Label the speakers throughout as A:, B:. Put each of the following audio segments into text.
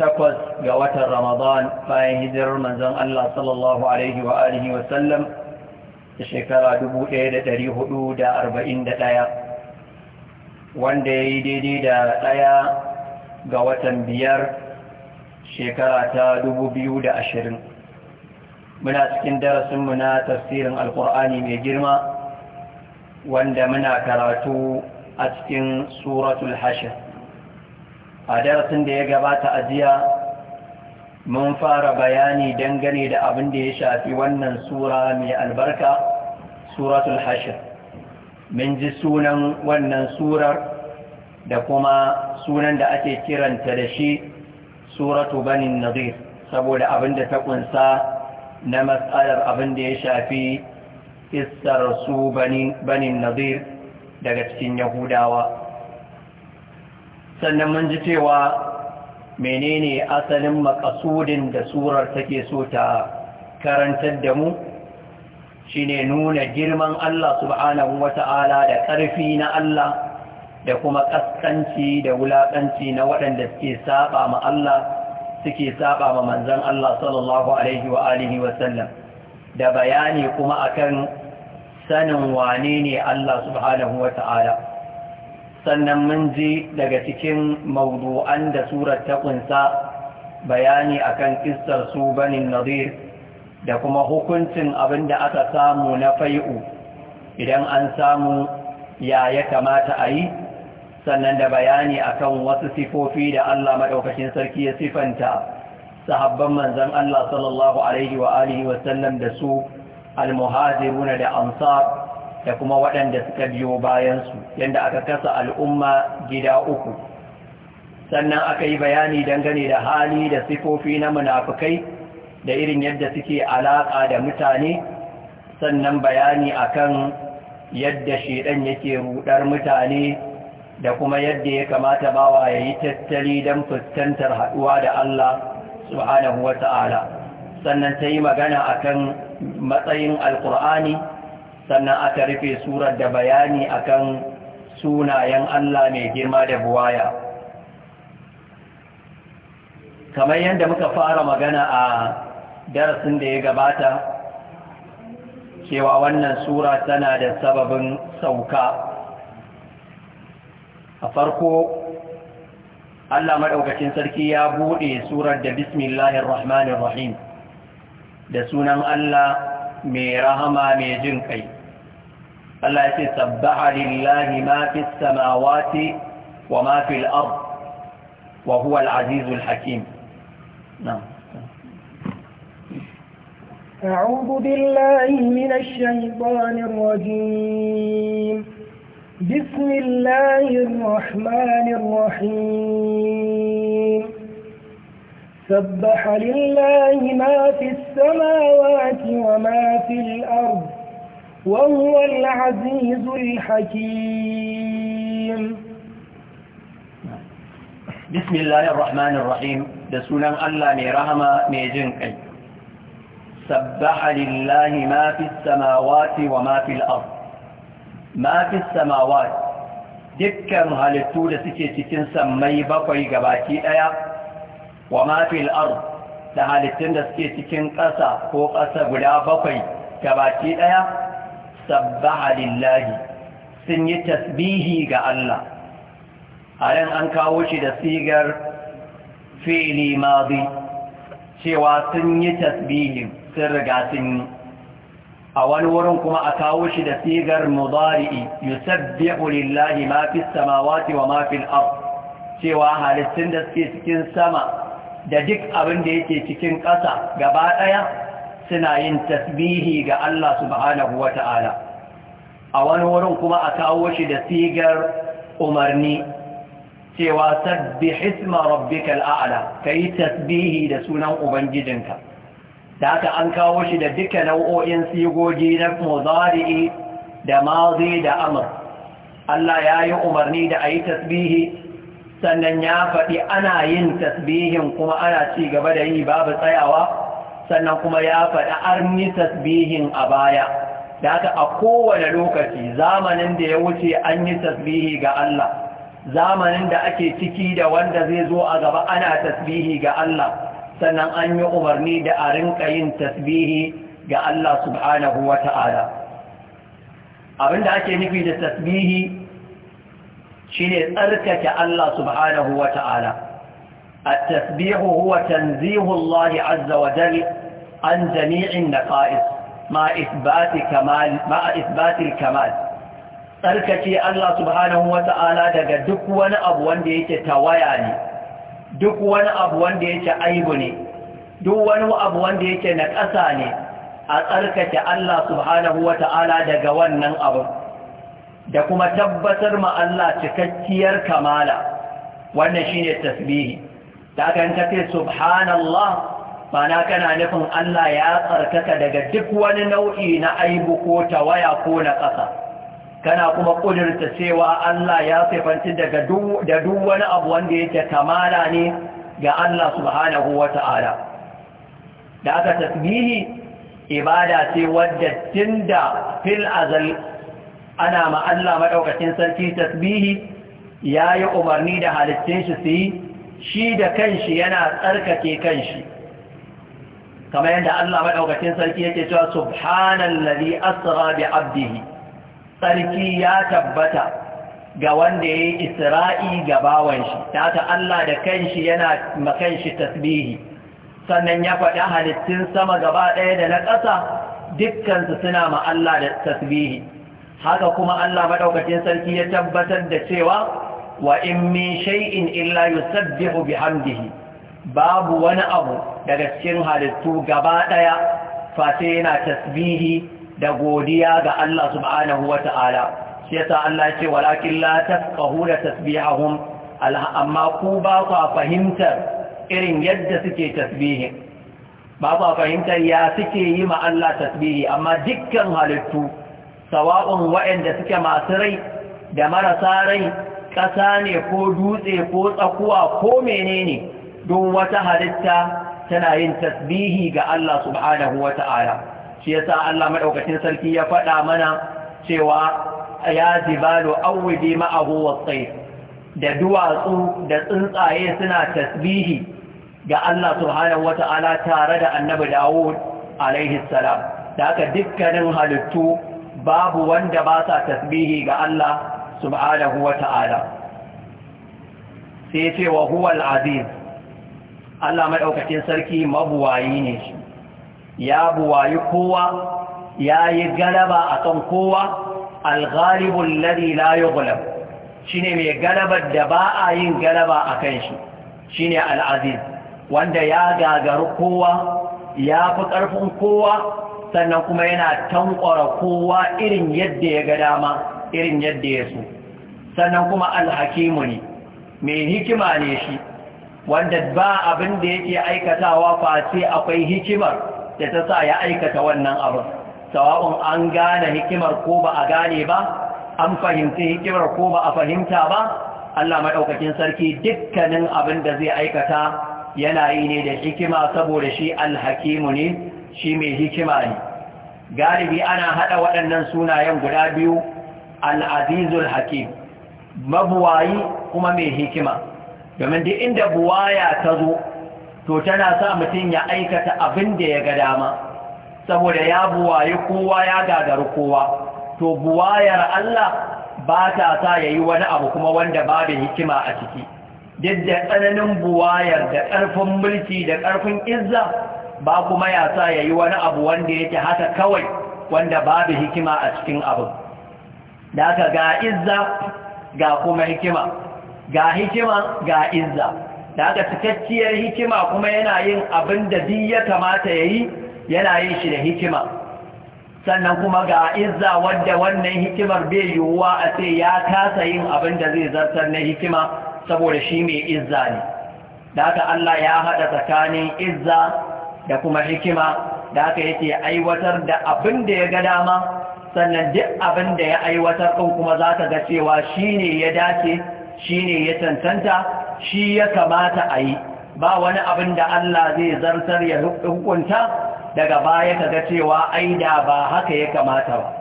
A: takwas ga watan ramadan bayan hijirar manzon Allah sallallahu alaihi wa alihi wa sallam da shekara 1441 wanda ya yi daidai da ɗaya ga watan biyar shekara ta 2020 muna cikin darasinmu na tafsirin alkur'ani mai girma wanda muna karatu a cikin suratul hashir a darasin da ya gabata a jiya mun fara bayani dangane da abin da ya shafi wannan sura mai albarka suratul hashir mun ji sunan wannan surar da kuma sunan da ake kiranta da shi suratu banin nazir saboda abin da ta kunsa na matsalar abin da ya shafi isar su banin nazir daga cikin yahudawa sannan mun ji cewa menene asalin makasudin da surar take so ta karantar da mu shine nuna girman Allah subhanahu wata'ala da ƙarfi na Allah da kuma ƙasƙanci da wulaƙanci na waɗanda suke saba ma Allah suke saba ma manzon Allah sallallahu alaihi wa alihi wa sallam da bayani kuma akan sanin wane ne Allah subhanahu wata'ala sannan mun ji daga cikin mawdu'an da surar ta kunsa bayani akan kissar su banin nadir da kuma hukuncin abin da aka samu na fai'u idan an samu ya ya kamata a yi sannan da bayani akan wasu sifofi da Allah madaukakin sarki ya sifanta sahabban manzon Allah sallallahu alaihi wa alihi da su al-muhajiruna da ansar da kuma waɗanda suka biyo bayansu yadda aka kasa al'umma gida uku sannan aka yi bayani dangane da hali da sifofi na munafukai da irin yadda suke alaƙa da mutane sannan bayani akan yadda shedan yake rudar mutane da kuma yadda ya kamata bawa ya yi tattali don fuskantar haɗuwa da Allah subhanahu wa ta'ala sannan ta yi magana akan matsayin alƙur'ani sannan aka rufe surar da bayani akan sunayen Allah mai girma da buwaya kamar yadda muka fara magana a darasin da ya gabata cewa wannan sura tana da sababin sauka a farko Allah maɗaukacin sarki ya buɗe surar da bismillahir rahmanir rahim da sunan Allah mai rahama mai jin kai التي سبح لله ما في السماوات وما في الأرض وهو العزيز الحكيم نعم
B: أعوذ بالله من الشيطان الرجيم بسم الله الرحمن الرحيم سبح لله ما في السماوات وما في الأرض وهو العزيز الحكيم
A: بسم الله ma الرحيم بسونا الله مرحمة ميجنك سبح لله ما في السماوات وما في الأرض ما في السماوات dukkan halittu da suke cikin sammai bakwai gabaki daya wa mafil ard da halittun da suke cikin ƙasa ko ƙasa guda bakwai gabaki ɗaya. Sabba lillahi sun yi tasbihi ga Allah a yan an kawo shi da sigar fi'li madi cewa sun yi tasbihin sun riga sun yi a wani wurin kuma a kawo shi da sigar mudari'i yusabbihu lillahi mafi samawati wa ma fil cewa halittun da suke cikin sama da duk abin da yake cikin ƙasa gaba ɗaya suna yin tasbihi ga Allah subhanahu wa ta'ala a wani wurin kuma a kawo shi da sigar umarni cewa sabbi hisma rabbikal a'la yi tasbihi da sunan ubangijinka da haka an kawo shi da duka nau'o'in sigogi na muzari'i da mazi da amr Allah ya yi umarni da a yi tasbihi sannan ya faɗi ana yin tasbihin kuma ana ci gaba da yi babu tsayawa sannan kuma ya faɗi yi tasbihin a baya da aka a kowane lokaci zamanin da ya wuce an yi tasbihi ga Allah zamanin da ake ciki da wanda zai zo a gaba ana tasbihi ga Allah sannan an yi umarni da a rinka yin tasbihi ga Allah subhanahu wa ta'ala abinda ake nufi da tasbihi shine tsarkake Allah subhanahu wa ta'ala التسبيح هو تنزيه الله عز وجل عن جميع النقائص مع إثبات كمال مع إثبات الكمال tsarkake Allah subhanahu wa ta'ala daga duk wani abu wanda yake tawaya ne, duk wani abu wanda yake aibu ne, duk wani abu wanda yake na ƙasa ne, a tsarkake Allah subhanahu wa daga wannan abu, da kuma tabbatar ma Allah cikakkiyar kamala, wannan shi ne tasbihi. da kan ka subhanallah mana kana nufin Allah ya tsarkaka daga duk wani nau'i na aibu ko tawaya ko na ƙasa kana kuma ƙudurta cewa Allah ya sifanci daga da duk wani abu wanda yake kamala ne ga Allah subhanahu ta'ala. da aka tasbihi ibada ce wadda tinda fil azal ana ma Allah maɗaukacin sarki tasbihi yayi umarni da halittun shi su yi shi da kanshi yana tsarkake kanshi kama yadda Allah maɗaukacin sarki yake cewa subhanan lalli asra bi abdihi sarki ya tabbata ga wanda ya yi isra'i ga bawanshi ta ta Allah da kanshi yana makanshi tasbihi sannan ya faɗi halittun sama gaba ɗaya da na ƙasa dukkansu suna ma Allah da tasbihi haka kuma Allah maɗaukacin sarki ya tabbatar da cewa wa in min shay'in illa yusabbihu bihamdihi babu wani abu daga cikin halittu gaba daya fata yana tasbihi da godiya ga Allah subhanahu wata'ala shi yasa Allah ce walakin la tafqahuna tasbihahum amma ku ba ku fahimtar irin yadda suke tasbihi ba ku fahimtar ya suke yi ma Allah tasbihi amma dukkan halittu sawa'un waɗanda suke masu rai da marasa rai ƙasa ne ko dutse ko tsakuwa ko menene don wata halitta tana yin tasbihi ga Allah subhanahu wa ta'ala shi ya sa Allah maɗaukacin sarki ya faɗa mana cewa ya jibalu awwidi ma'ahu was da duwatsu da tsuntsaye suna tasbihi ga Allah subhanahu wa ta'ala tare da Annabi Dawud alaihi salam da haka dukkanin halittu babu wanda ba sa tasbihi ga Allah subhanahu wa ta'ala sai ce wa huwal aziz Allah maɗaukacin sarki mabuwayi ne shi ya buwayi kowa ya yi galaba a kan kowa algharibun lari layo gulam shi ne mai galabar da ba a yin galaba a kan shi shi ne al'aziz wanda ya gagaru kowa ya fi ƙarfin kowa sannan kuma yana tankwara kowa irin yadda ya ga dama irin yadda ya so sannan kuma alhakimu ne mai hikima ne shi wanda ba abin da yake aikatawa face akwai hikimar da ta sa ya aikata wannan abin sawa'un an gane hikimar ko ba a gane ba an fahimci hikimar ko ba a fahimta ba Allah maɗaukakin sarki dukkanin abin da zai aikata yana yi ne da hikima saboda shi alhakimu ne shi mai hikima ne galibi ana haɗa waɗannan sunayen guda biyu al'azizul hakim mabuwayi kuma mai hikima domin duk inda buwaya ta zo to tana sa mutum ya aikata abin da ya ga dama saboda ya buwayi kowa ya gagaru kowa to buwayar Allah ba ta sa ya yi wani abu kuma wanda babu hikima a ciki duk da tsananin buwayar da ƙarfin mulki da ƙarfin izza ba kuma ya sa ya yi wani abu wanda yake haka kawai wanda babu hikima a cikin abin da aka ga izza ga kuma hikima ga hikima ga izza da aka cikakkiyar hikima kuma yana yin abin da duk ya kamata ya yi yana yin shi da hikima sannan kuma ga izza wadda wannan hikimar bai yiwuwa a ce ya kasa yin abin da zai zartar na hikima saboda shi mai izza ne da aka Allah ya haɗa tsakanin izza da kuma hikima da aka yake aiwatar da abin da ya ga dama sannan duk abin da ya aiwatar ɗin kuma za ka ga cewa shi ne ya dace shi ne ya cancanta shi ya kamata a yi ba wani abin da Allah zai zartar ya hukunta daga baya ka ga cewa ai da ba haka ya kamata ba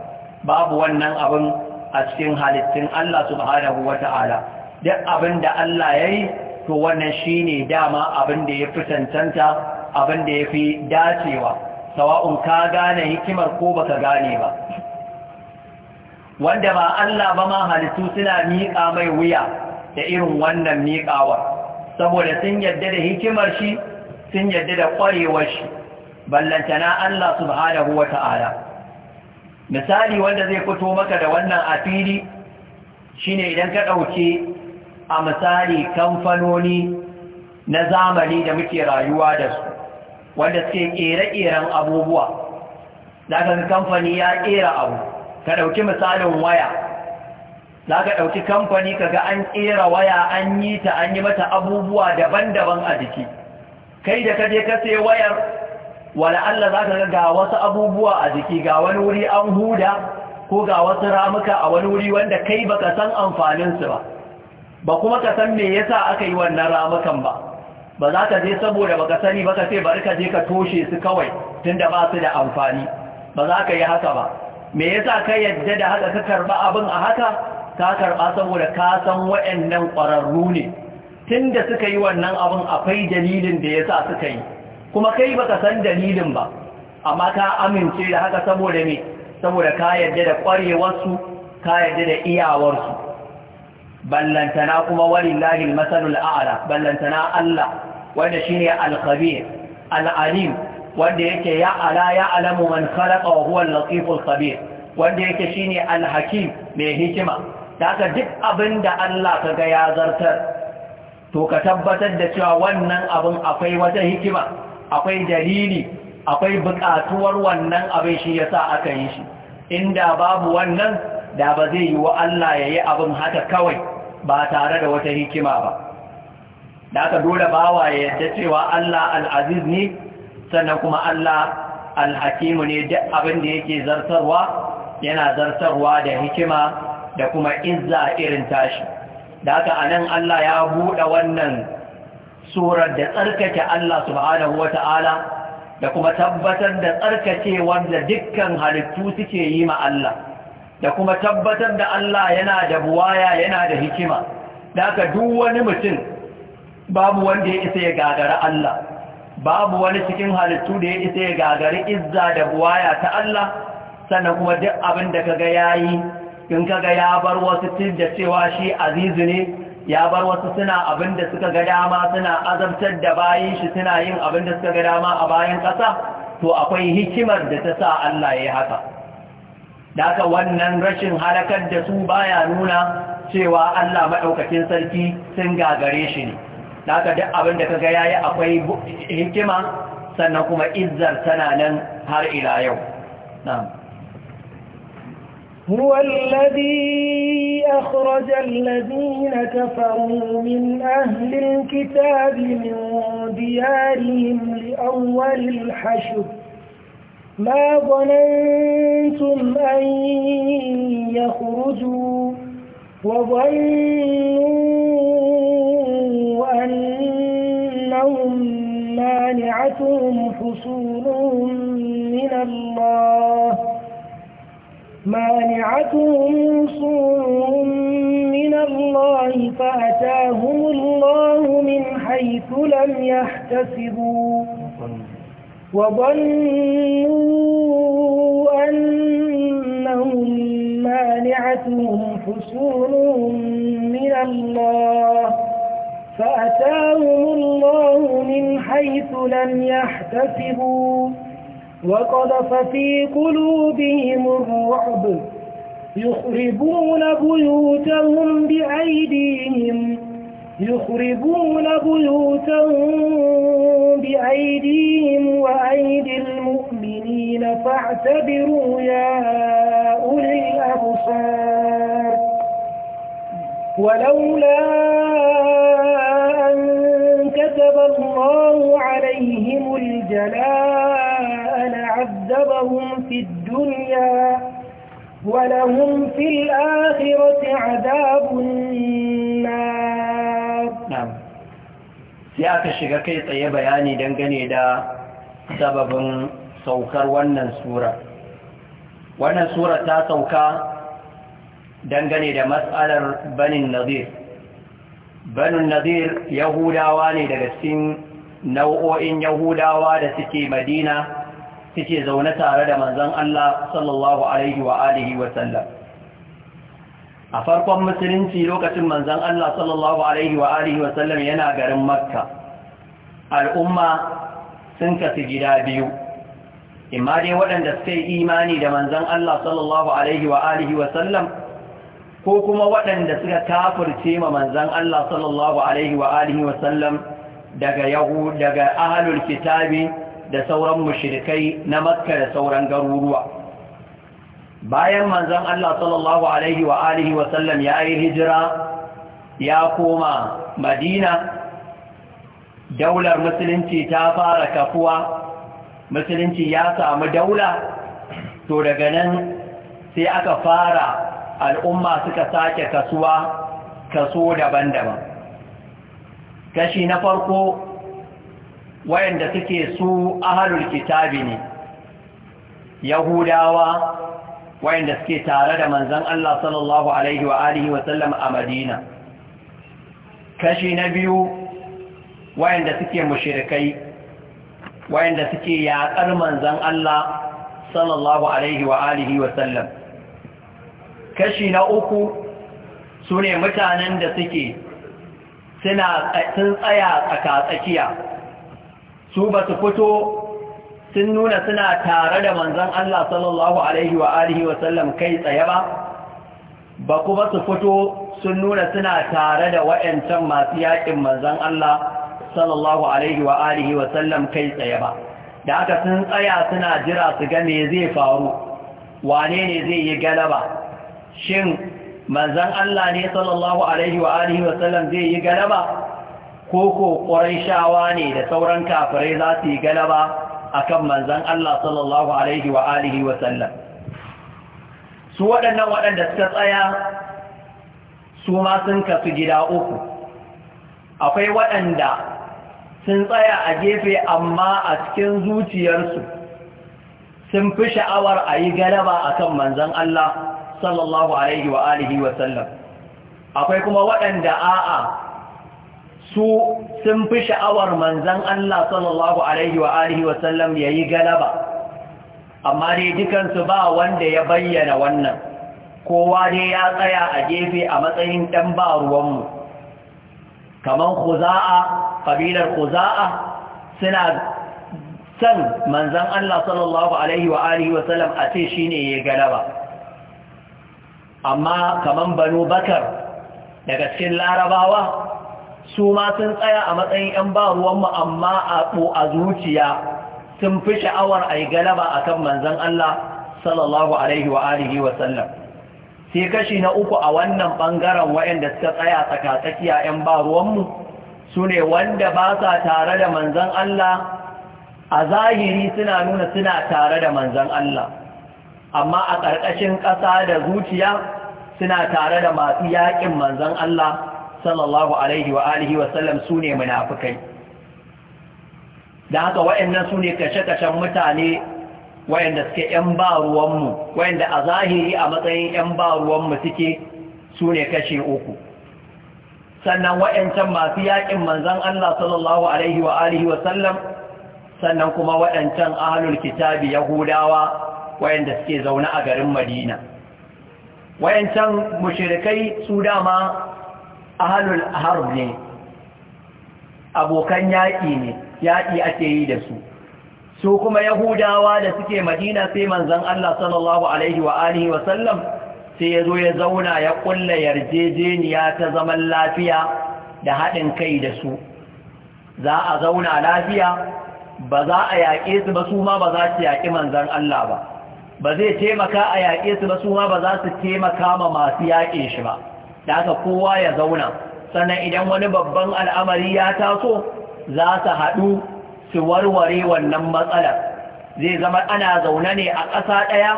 A: babu wannan abin a cikin halittun Allah subhanahu Ta'ala. duk abin da Allah ya yi to wannan shi ne dama abin da ya fi cancanta abin da ya fi dacewa sawa'un ka gane hikimar ko baka gane ba wanda ba Allah ba ma halittu suna miƙa mai wuya da irin wannan miƙawa saboda sun yadda da hikimar shi sun yadda da ƙwarewar shi ballantana Allah subhanahu wa ta'ala misali wanda zai fito maka da wannan a fili shine idan ka ɗauke a misali kamfanoni na zamani da muke rayuwa da su wanda suke ƙere-ƙeren abubuwa za ka kamfani ya ƙera abu ka ɗauki misalin waya za ka ɗauki kamfani ka ga an ƙera waya an yi ta an yi mata abubuwa daban-daban a jiki kai da kaje ka sai wayar wala Allah za ka ga wasu abubuwa a jiki ga wani wuri an huda ko ga wasu ramuka a wani wuri wanda kai baka san amfaninsu ba ba kuma ka san me yasa aka yi wannan ramukan ba ba za ka je saboda baka sani ba ka sai bari ka je ka toshe su kawai tunda ba su da amfani ba za ka yi haka ba me yasa ka yadda da haka ka karba abin a haka ka karba saboda ka san waɗannan ƙwararru ne tunda suka yi wannan abin akwai dalilin da yasa suka yi kuma kai baka san dalilin ba amma ka amince da haka saboda me saboda ka yadda da ƙwarewarsu ka yadda da iyawarsu ballantana kuma walillahi masalul a'la ballantana Allah wanda shine al-khabir al wanda yake ya ala ya alamu man khalaqa wa huwa al-latiful khabir wanda yake shine al-hakim mai hikima daga duk da Allah ka ga ya zartar to ka tabbatar da cewa wannan abin akwai wata hikima akwai dalili akwai buƙatuwar wannan abin shi yasa aka yi shi inda babu wannan da ba zai yi wa Allah yayi abin haka kawai ba tare da wata hikima ba da aka dole bawa ya yadda cewa Allah al-aziz ne sannan kuma Allah alhakimu ne duk abin da yake zartarwa yana zartarwa da hikima da kuma izza irin tashi da haka anan Allah ya buɗe wannan surar da tsarkake Allah subhanahu wata'ala da kuma tabbatar da tsarkake wanda dukkan halittu suke yi ma Allah da kuma tabbatar da Allah yana da buwaya yana da hikima da haka duk wani mutum babu wanda ya isa ya gagara Allah babu wani cikin halittu da ya isa ya gagari izza da buwaya ta Allah sannan kuma duk abin da kaga yayi in kaga ya bar wasu da cewa shi azizu ne ya bar wasu suna abin da suka ga dama suna azabtar da bayin shi suna yin abin da suka ga dama a bayan ƙasa to akwai hikimar da ta sa Allah ya yi haka Daka wannan rashin halakar da su baya nuna cewa Allah Maɗaukacin sarki sun gagare shi ne da haka duk abin da kaga yayi akwai hikima sannan kuma izzar tana nan har ila yau na'am
B: هو الذي أخرج الذين كفروا من أهل الكتاب من ديارهم لأول الحشر ما ظننتم أن يخرجوا وظنوا أنهم مانعتهم حصولهم من الله مانعتهم حصولهم من الله فأتاهم الله من حيث لم يحتسبوا وظنوا أنهم مانعتهم حصولهم من الله فأتاهم الله من حيث لم يحتسبوا وقذف في قلوبهم الرعب يخربون بيوتهم بأيديهم يخربون بيوتهم بأيديهم وأيدي المؤمنين فاعتبروا يا أولي الأبصار ولولا كتب الله عليهم الجلاء لعذبهم في الدنيا ولهم في الآخرة عذاب النار نعم
A: سيأتي شكاكي طيب يعني دنقني دا سبب سوكر ونن سورة ونن سورة تا سوكا dangane da matsalar banin nazir banu nazir yahudawa ne daga cikin nau'o'in yahudawa da suke madina suke zaune tare da manzon Allah sallallahu alaihi wa alihi wasallam. a farkon musulunci lokacin manzon Allah sallallahu alaihi wa alihi wasallam yana garin makka al'umma sun kasu gida biyu imma dai waɗanda suka yi imani da manzon Allah sallallahu alaihi wa alihi wasallam? ko kuma waɗanda suka kafirce ma manzan Allah sallallahu alaihi wa alihi daga yahu daga ahlul kitabi da sauran mushrikai na makka da sauran garuruwa bayan manzan Allah sallallahu alaihi wa alihi ya yi hijira ya koma madina daular musulunci ta fara kafuwa musulunci ya samu daula to daga nan sai aka fara al'umma suka sake kasuwa kaso daban-daban kashi na farko wayanda suke su ahalul kitabi ne yahudawa wayanda suke tare da manzan Allah sallallahu alaihi wa alihi wa a Madina kashi na biyu wayanda suke mushrikai wayanda suke yaƙar manzan Allah sallallahu alaihi wa alihi wa kashi na uku su ne mutanen da suke suna sun tsaya tsakatsakiya su ba su fito sun nuna suna tare da manzan Allah sallallahu Alaihi wa alihi kai tsaye ba ba kuma su fito sun nuna suna tare da wa'yancan masu yaƙin manzan Allah sallallahu Alaihi wa alihi kai tsaye ba da aka sun tsaya suna jira su game zai faru wane ne zai yi galaba shin manzan Allah ne sallallahu alaihi wa alihi wa sallam zai yi galaba ko ko quraishawa ne da sauran kafirai za su yi galaba akan manzan Allah sallallahu alaihi wa alihi wa sallam su waɗannan waɗanda suka tsaya su ma sun kasu gida uku akwai waɗanda sun tsaya a gefe amma a cikin zuciyarsu sun fi sha'awar a yi galaba a kan manzan Allah sallallahu alaihi wa alihi wa sallam akwai kuma waɗanda a'a su sun fi sha'awar manzan Allah sallallahu alaihi wa alihi wa ya yi galaba amma dai dukansu ba wanda ya bayyana wannan kowa dai ya tsaya a gefe a matsayin ɗan ba ruwanmu kamar kuza'a ƙabilar kuza'a suna san manzan Allah sallallahu alaihi wa alihi wa sallam a ce ne ya galaba amma kaman banu bakar daga cikin larabawa su ma sun tsaya a matsayin 'yan ba ruwanmu amma a ɓo a zuciya sun fi sha'awar a yi galaba a kan manzan Allah sallallahu alaihi wa alihi wa sallam sai kashi na uku a wannan ɓangaren waɗanda suka tsaya tsakatsakiya 'yan ba ruwanmu su ne wanda ba sa tare da manzan Allah a zahiri suna nuna suna tare da manzan Allah amma a ƙarƙashin ƙasa da zuciya suna tare da masu yaƙin manzan Allah sallallahu alaihi wa alihi wasallam su ne munafukai da haka waɗannan su ne kashe-kashen mutane waɗanda suke ‘yan ba ruwanmu waɗanda a zahiri a matsayin ‘yan ba ruwanmu suke su ne kashe uku sannan waɗancan masu yaƙin manzan Allah sallallahu alaihi wa alihi wasallam sannan kuma waɗancan ahalul kitabi yahudawa wayanda suke zaune a garin madina wayancan mushirikai su dama ahalul harb ne abokan yaƙi ne yaƙi ake yi da su su kuma yahudawa da suke madina sai manzon Allah sallallahu alaihi wa alihi wa sallam sai ya zo ya zauna ya ƙulla yarjejeniya ta zaman lafiya da haɗin kai da su za a zauna lafiya ba za a yaƙe su ba su ma ba za su yaƙi manzan Allah ba ba zai taimaka a yaƙe su ba su ma ba za su taimaka ma masu yaƙe shi ba da aka kowa ya zauna sannan idan wani babban al'amari ya taso za su haɗu su warware wannan matsalar zai zama ana zaune ne a ƙasa ɗaya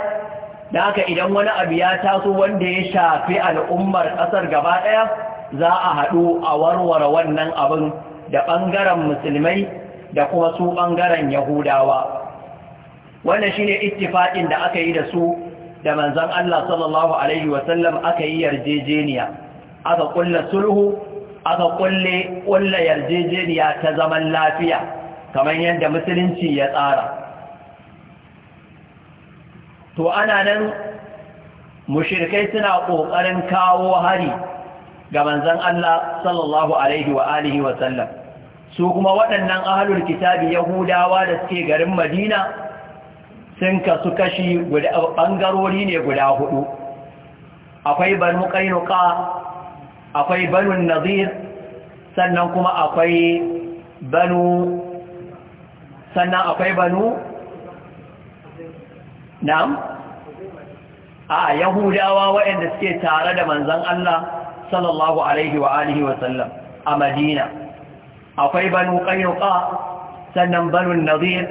A: da aka idan wani abu ya taso wanda ya shafi al'ummar ƙasar gaba ɗaya za a haɗu a warware wannan abin da ɓangaren musulmai da kuma su ɓangaren yahudawa wannan shine ittifaqin da aka yi da su da manzon Allah sallallahu alaihi wasallam aka yi yarjejeniya aka kulla sulhu aka kulle kulla yarjejeniya ta zaman lafiya kamar yadda musulunci ya tsara to ana nan mushrikai suna kokarin kawo hari ga manzon Allah sallallahu alaihi wa alihi sallam su kuma waɗannan ahlul kitabi yahudawa da suke garin Madina sun kasu kashi ɓangarori ne guda hudu akwai banu ƙainuka akwai banu nazir sannan kuma akwai banu sannan akwai banu na'am a yahudawa waɗanda suke tare da manzan Allah sallallahu alaihi wa alihi wa sallam a madina akwai banu ƙainuka sannan banu nazir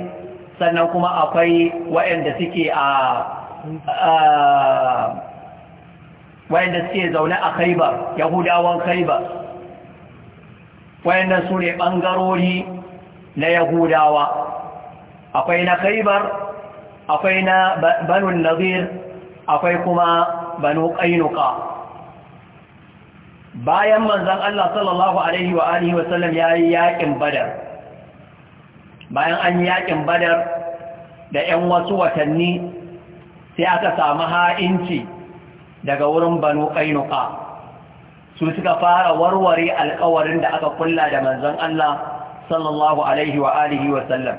A: sannan kuma akwai waɗanda suke a wayanda suke zaune a khaibar yahudawan khaibar wayanda su ne ɓangarori na yahudawa akwai na khaibar akwai na banun nazir akwai kuma banu ƙainuka bayan manzan Allah sallallahu Alaihi wa wasallam ya yi yaƙin badar bayan an yi yakin badar da 'yan wasu watanni sai aka samu ha'inci daga wurin banu ƙainuka su suka fara warware alkawarin da aka kulla da manzan Allah sallallahu alaihi wa alihi wa sallam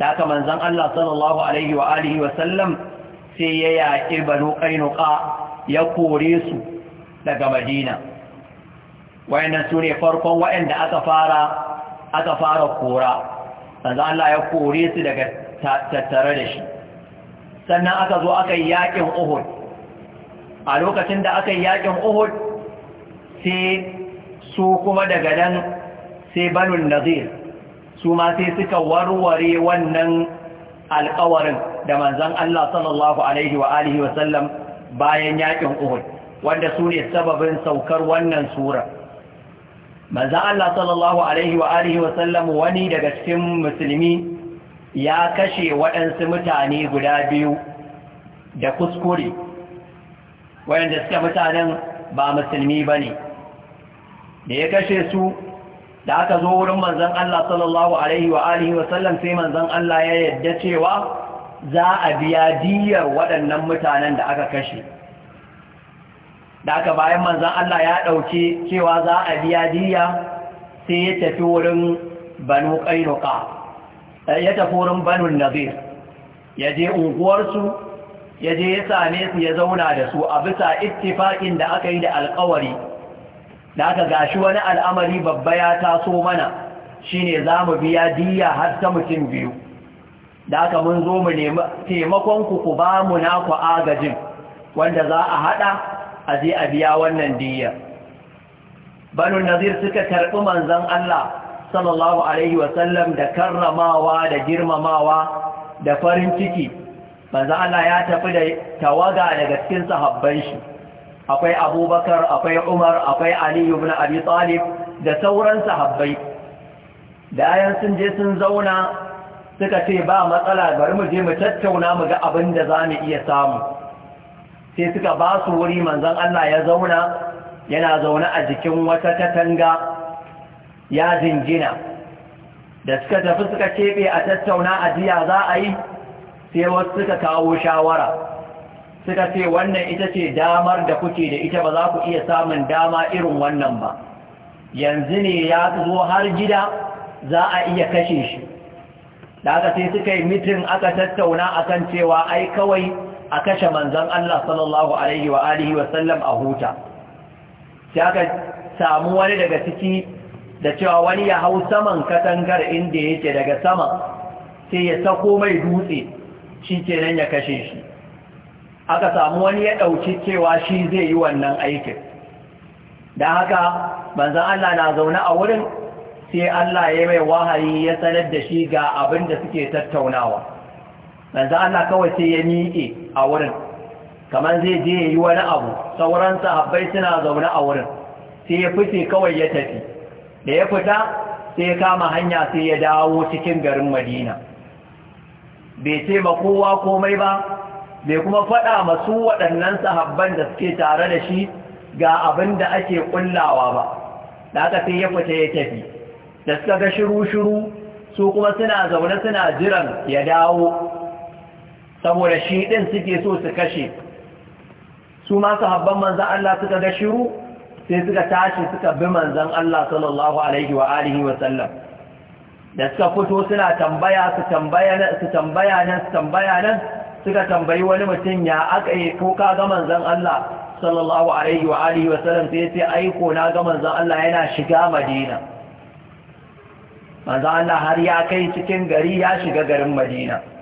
A: da aka manzan Allah sallallahu alaihi wa alihi wa sallam sai ya yaƙi banu ƙainuka ya kore su daga madina wayannan su ne farkon wayanda aka fara aka fara kora manzo Allah ya kore su daga tattare da shi sannan aka zo aka yi yakin Uhud a lokacin da aka yi yakin Uhud sai su kuma daga nan sai Banu Nazir, su ma sai suka warware wannan alƙawarin da manzon Allah sallallahu alaihi wa alihi bayan yakin Uhud wanda su ne sababin saukar wannan sura manzan Allah sallallahu alaihi wa alihi wa sallam wani daga cikin musulmi ya kashe waɗansu mutane guda biyu da kuskure wayanda suka mutanen ba musulmi ba ne da ya kashe su da aka zo wurin manzan Allah sallallahu alaihi wa alihi wa sallam sai manzan Allah ya yadda cewa za a biya diyar waɗannan mutanen da aka kashe da aka bayan manzan Allah ya ɗauke cewa za a biya diya sai ya tafi wurin banu ƙainuka eh, ya tafi wurin banu nazir ya je unguwarsu ya je ya same su ya zauna da su a bisa ittifaƙin da aka yi da alƙawari da aka gashi wani al'amari babba ya taso mana shine za mu biya diya har ta mutum biyu da aka mun zo mu nemi taimakonku ku ba mu naku agajin wanda za a haɗa a je a biya wannan diyya banu nazir suka karɓi manzon Allah sallallahu alaihi wasallam da karramawa da girmamawa da farin ciki manzon Allah ya tafi da tawaga daga cikin sahabban shi akwai abubakar akwai umar akwai Aliyu ibn abi talib da sauran sahabbai da ayan sun je sun zauna suka ce ba matsala bari mu je mu tattauna mu ga abin da za mu iya samu sai suka ba su wuri manzon Allah ya zauna yana zaune a jikin wata katanga ya jingina da suka tafi suka keɓe a tattauna a jiya za a yi sai wasu suka kawo shawara suka ce wannan ita ce damar da kuke da ita ba za ku iya samun dama irin wannan ba yanzu ne ya zo har gida za a iya kashe shi da aka sai suka yi mitin aka tattauna akan cewa ai kawai a kashe manzan Allah sallallahu alaihi wa alihi wa sallam a huta sai aka samu wani daga ciki da cewa wani ya hau saman katangar inda yake daga sama sai ya sako mai dutse shi ke nan ya kashe shi aka samu wani ya ɗauki cewa shi zai yi wannan aikin da haka manzan Allah na zaune a wurin sai Allah ya mai wahayi ya sanar da shi ga abin da suke tattaunawa manzo Allah kawai sai ya miƙe a wurin kamar zai je yi wani abu sauran sahabbai suna zaune a wurin sai ya fice kawai ya tafi da ya fita sai ya kama hanya sai ya dawo cikin garin Madina bai ce ba kowa komai ba bai kuma faɗa masu waɗannan sahabban da suke tare da shi ga abin da ake ƙullawa ba da aka sai ya fita ya tafi da suka ga shiru-shiru su kuma suna zaune suna jiran ya dawo saboda shi ɗin suke so su kashe su masu habban manzan Allah suka ga shiru sai suka tashi suka bi manzan Allah sallallahu alaihi wa alihi wa sallam da suka fito suna tambaya su tambaya nan su tambaya nan su tambaya nan suka tambayi wani mutum ya aka yi ko ka ga manzan Allah sallallahu alaihi wa alihi wa sallam sai ce aiko na ga manzan Allah yana shiga Madina manzan Allah har ya kai cikin gari ya shiga garin Madina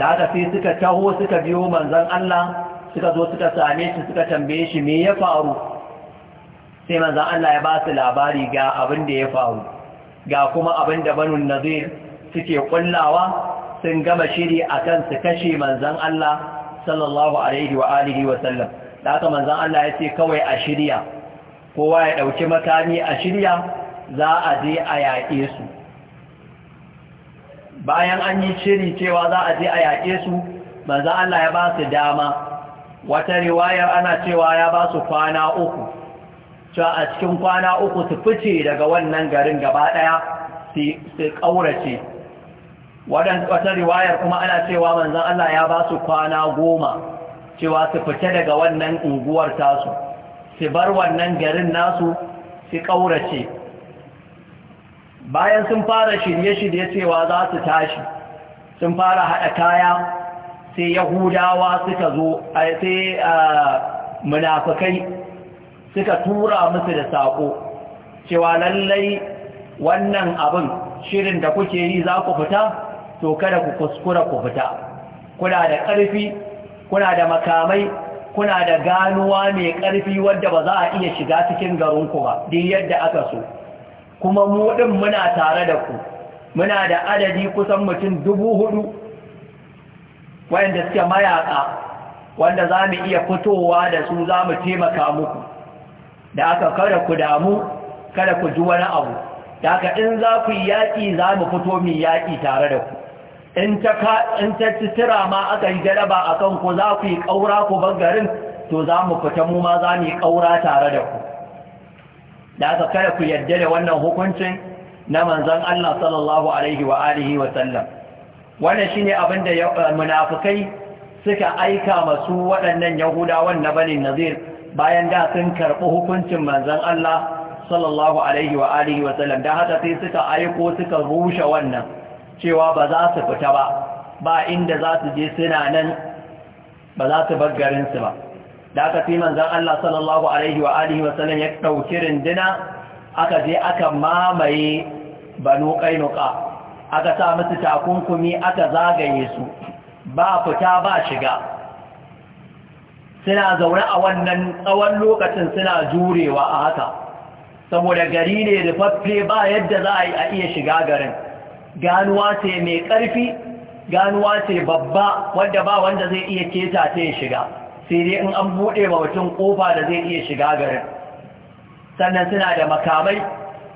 A: da sai suka taho suka biyo manzan Allah suka zo suka same shi suka tambaye shi me ya faru sai manzan Allah ya ba su labari ga abin da ya faru ga kuma abin da banu nazir suke kullawa sun gama shiri akan su kashe manzan Allah sallallahu alaihi wa alihi wa sallam da haka manzon Allah ya ce kawai a shirya kowa ya ɗauki makami a shirya za a je a yaƙe su bayan an yi shiri cewa za a je a yaƙe su manzo Allah ya ba su dama wata riwayar ana cewa ya ba su kwana uku cewa a cikin kwana uku su fice daga wannan garin gaba ɗaya su ƙaurace wata riwayar kuma ana cewa manzo Allah ya ba su kwana goma cewa su fita daga wannan unguwar tasu su bar wannan garin nasu su ƙaurace bayan sun fara shirye-shirye cewa za su tashi sun fara haɗa kaya sai yahudawa suka zo a sai munafukai suka tura musu da saƙo cewa lallai wannan abin shirin da kuke yi za ku fita to kada ku kuskura ku fita kuna da ƙarfi kuna da makamai kuna da ganuwa mai ƙarfi wadda ba za a iya shiga cikin garinku ba duk yadda aka so kuma mu din muna tare da ku muna da adadi kusan mutum dubu hudu wanda suke mayaka wanda za mu iya fitowa da su za mu taimaka muku da aka kada ku damu kada ku ji wani abu da aka in za ku yi yaƙi za mu fito mai yaƙi tare da ku in ta titira ma aka yi jaraba a kan ku za ku yi ƙaura ku bangarin to za mu fita mu ma za mu yi ƙaura tare da ku da aka kada ku yarda da wannan hukuncin na manzan Allah sallallahu alaihi wa alihi wa sallam wannan shine abin da eh, munafukai suka aika masu waɗannan yahudawan na bani nazir bayan da sun karɓi hukuncin manzan Allah sallallahu alaihi wa alihi wa sallam da haka sai suka aiko suka rushe wannan cewa ba za su fita ba ba inda za su je suna nan ba za su bar garinsu ba da aka fi manzan Allah sallallahu Alaihi wa alihi wasallam ya ɗauki rindina aka je aka mamaye banu ƙainuka aka sa musu takunkumi aka zagaye su ba fita ba shiga suna zaune a wannan tsawon lokacin suna jurewa a haka saboda gari ne rufaffe ba yadda za a iya shiga garin ganuwa ce mai ƙarfi ganuwa ce babba wanda ba wanda zai iya keta ta ya shiga sai dai in an buɗe wa mutum ƙofa da zai iya shiga garin sannan suna da makamai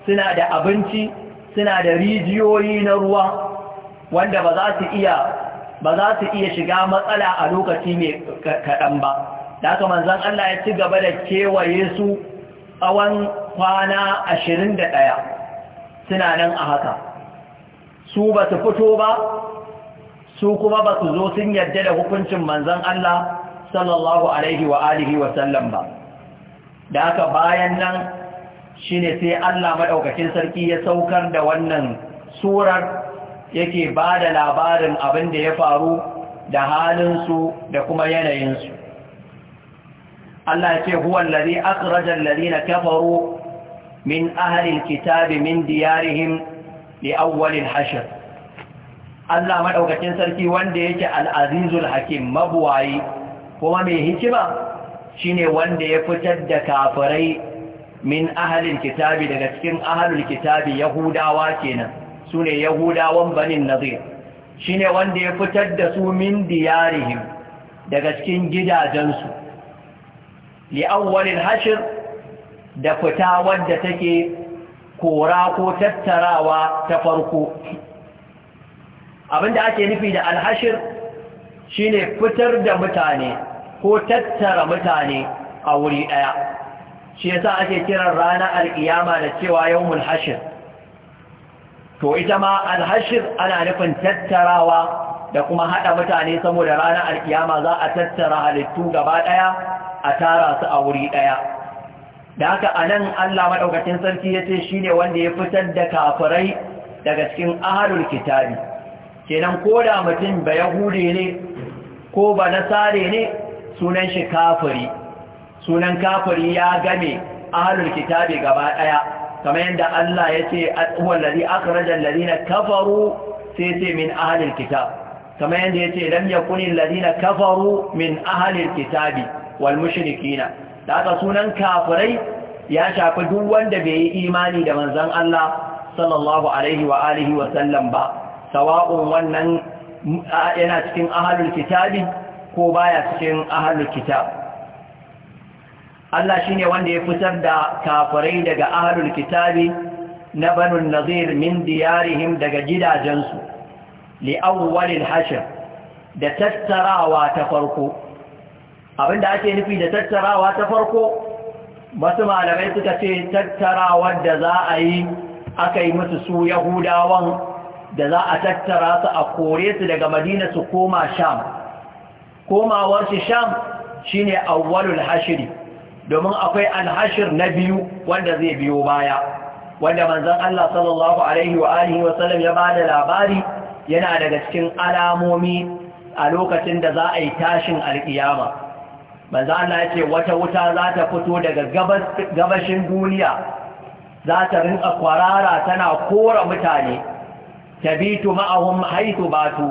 A: suna da abinci suna da rijiyoyi na ruwa wanda ba za su iya ba za su iya shiga matsala a lokaci mai kaɗan ba da haka manzan Allah ya ci gaba da kewaye su tsawon kwana ashirin da ɗaya suna nan a haka su ba su fito ba su kuma ba su zo sun yarda da hukuncin manzan Allah sallallahu alaihi wa alihi wa sallam ba da haka bayan nan shine sai Allah madaukakin sarki ya saukar da wannan surar yake ba da labarin abin da ya faru da halinsu da kuma yanayinsu Allah ce huwan lari akirajar lari na kafaru min ahalin kitabi min diyarihim da awwalin hashir Allah maɗaukacin sarki wanda yake al'azizul hakim mabuwayi kuma mai hikima ne wanda ya fitar da kafirai min ahalin kitabi daga cikin ahalin kitabi yahudawa kenan su ne yahudawan banin nazir ne wanda ya fitar da su min diyarihim daga cikin gidajensu li'awwalin hashir da fita wadda take kora ko tattarawa ta farko abinda ake nufi da alhashir shine fitar da mutane ko tattara mutane a wuri ɗaya shi yasa ake kiran ranar al'iyama da cewa yau mulhashir to ita ma alhashir ana nufin tattarawa da kuma haɗa mutane saboda ranar al'iyama za a tattara halittu gaba ɗaya a tara su a wuri ɗaya da haka a nan allah maɗaukacin sarki ya ce shi ne wanda ya fitar da kafirai daga cikin ahalul kitabi kenan ko da mutum ba yahude ne ko ba nasare ne sunan shi kafiri sunan kafiri ya game ahlul kitabi gaba daya kamar yadda Allah ya ce wallazi akhrajal ladina kafaru sai sai min ahlul kitab kamar yadda yace lam yakunil ladina kafaru min ahlul kitabi wal mushrikina da sunan kafirai ya shafi duk wanda bai yi imani da manzon Allah sallallahu alaihi wa alihi wa sallam ba sawa'un wannan yana cikin ahalul kitabi ko baya cikin ahalul kitab Allah shine wanda ya fitar da kafirai daga ahalul kitabi na banu nazir min diyarihim daga gidajensu li awwalil hashr da tattarawa ta farko abinda ake nufi da tattarawa ta farko wasu malamai suka ce tattarawar da za a yi aka yi musu su yahudawan da za a tattara su a kore su daga madina su koma sham komawar shi sham shine awwalul hashiri domin akwai alhashir na biyu wanda zai biyo baya wanda manzon Allah sallallahu alaihi wa alihi wa sallam ya bada labari yana daga cikin alamomi a lokacin da za a yi tashin alkiyama manzon Allah ya ce wata wuta za ta fito daga gabashin duniya za ta rinka kwarara tana kora mutane tabitu ma'ahum haitu batu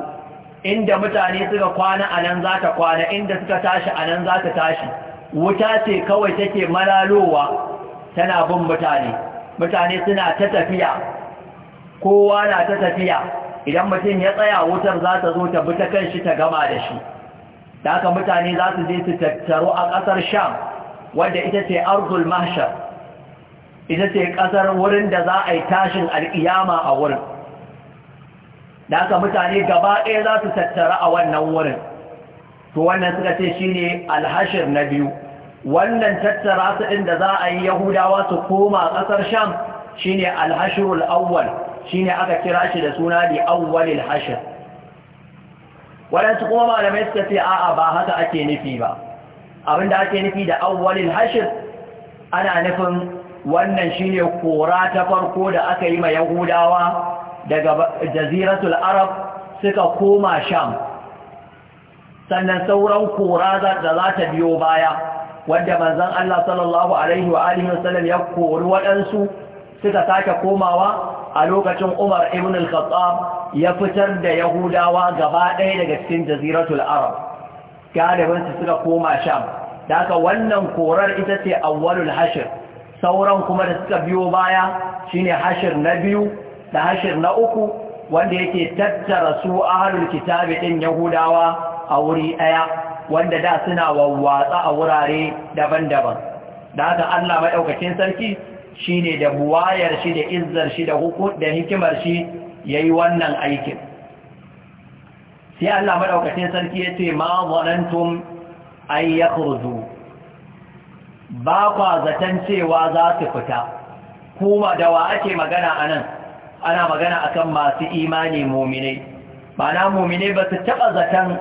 A: inda mutane suka kwana anan za ta kwana inda suka tashi anan za ta tashi wuta ce kawai take malalowa tana bin mutane mutane suna ta tafiya kowa na ta tafiya idan mutum ya tsaya wutar za ta zo ta bi ta kan shi ta gama da shi da haka mutane za su je su tattaro a ƙasar sham wadda ita ce arzul Mashar? ita ce ƙasar wurin da za a yi tashin al'iyama a wurin da aka mutane gaba ɗaya za su tattara a wannan wurin to wannan suka ce shi ne alhashir na biyu wannan tattara su ɗin da za a yi yahudawa su koma ƙasar sham shi ne alhashirul awwal shi ne aka kira shi da suna da awwalil hashir waɗansu kuma malamai suka ce a'a ba haka ake nufi ba abinda ake nufi da awwalil hashir ana nufin wannan shi ne kora ta farko da aka yi ma yahudawa daga jaziratul arab suka koma sham sannan sauran kora da za ta biyo baya wadda manzon Allah sallallahu alaihi wa wasallam ya kori waɗansu suka sake komawa a lokacin Umar ibn al-Khattab ya fitar da Yahudawa gaba ɗaya daga cikin jaziratul arab Galibinsu suka koma sham da haka wannan korar ita ce awwalul hashir sauran kuma da suka biyo baya shine hashir na biyu da hashir na uku wanda yake tattara su ahalul kitabi ɗin yahudawa a wuri ɗaya, wanda da suna wawwatsa a wurare daban-daban da haka Allah maɗaukacin sarki shine da buwayar shi da izzar shi da hukumar da hikimar shi yayi wannan aikin sai Allah maɗaukacin sarki yace ma zalantum ay yakhruju ba kwa zaton cewa za su fita kuma da wa ake magana a nan. ana magana akan masu imani muminai ma'ana muminai ba su taɓa zaton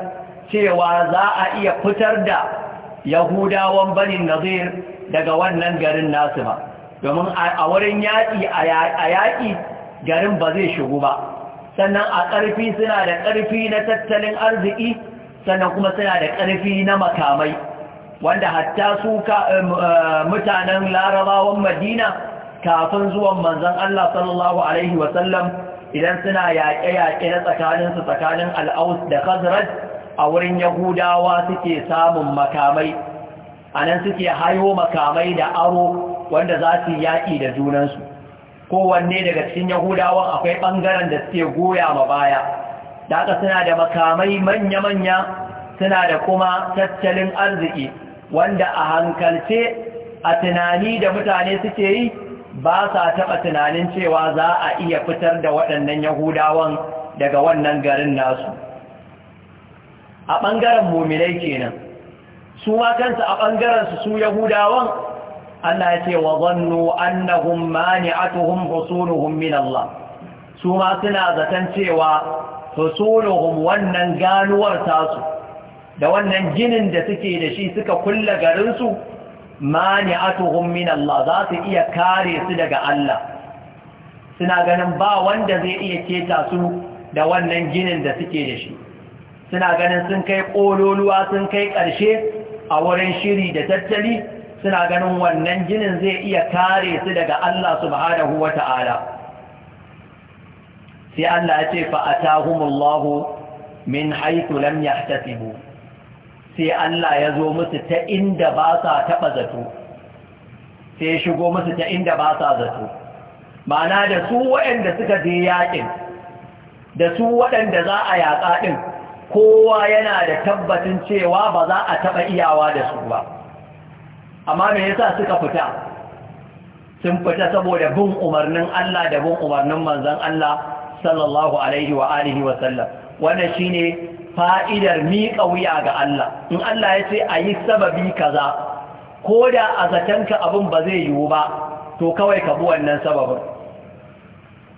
A: cewa za a iya fitar da yahudawan banin nazir daga wannan garin nasu ba domin a wurin yaƙi a yaƙi garin ba zai shigo ba sannan a ƙarfi suna da ƙarfi na tattalin arziki sannan kuma suna da ƙarfi na makamai wanda hatta su eh, eh, mutanen larabawan madina kafin zuwan manzan Allah sallallahu Alaihi wasallam idan suna yaƙe-yaƙe na tsakaninsu tsakanin al'aus da khazraj a wurin yahudawa suke samun makamai a nan suke hayo makamai da aro wanda za su yaƙi da junansu kowanne daga cikin yahudawan akwai ɓangaren da suke goya ma baya da suna da makamai manya-manya suna da kuma tattalin arziki wanda a hankalce a tunani da mutane suke yi ba sa taɓa tunanin cewa za a iya fitar da waɗannan yahudawan daga wannan garin nasu a ɓangaren muminai kenan su ma kansu a ɓangaren su yahudawan Allah ya ce wa zannu annahum mani'atuhum husuluhum min Allah su ma suna zaton cewa husuluhum wannan ganuwar tasu da wannan ginin da suke da shi suka kulle garinsu mani'atuhum atuhun Allah za su iya kare su daga Allah suna ganin ba wanda zai iya keta su da wannan ginin da suke da shi suna ganin sun kai ƙololuwa sun kai ƙarshe a wurin shiri da tattali suna ganin wannan ginin zai iya kare su daga Allah subhanahu wa ta'ala sai Allah ya ce fa'atahumullahu min haitu lam yahtasibu sai Allah ya zo musu ta inda ba sa taɓa zato sai ya shigo musu ta inda ba sa zato Ma'ana da su waɗanda suka je yaƙin da su waɗanda za a yaƙa ɗin kowa yana da tabbatin cewa ba za a taɓa iyawa da su ba amma me yasa suka fita sun fita saboda bin umarnin Allah da bin umarnin manzon Allah sallallahu alaihi wa alihi wa sallam wannan shine fa'idar miƙa wuya ga Allah in Allah ya ce a yi sababi kaza ko da a zatenka abin ba zai yiwu ba to kawai ka bi wannan sababin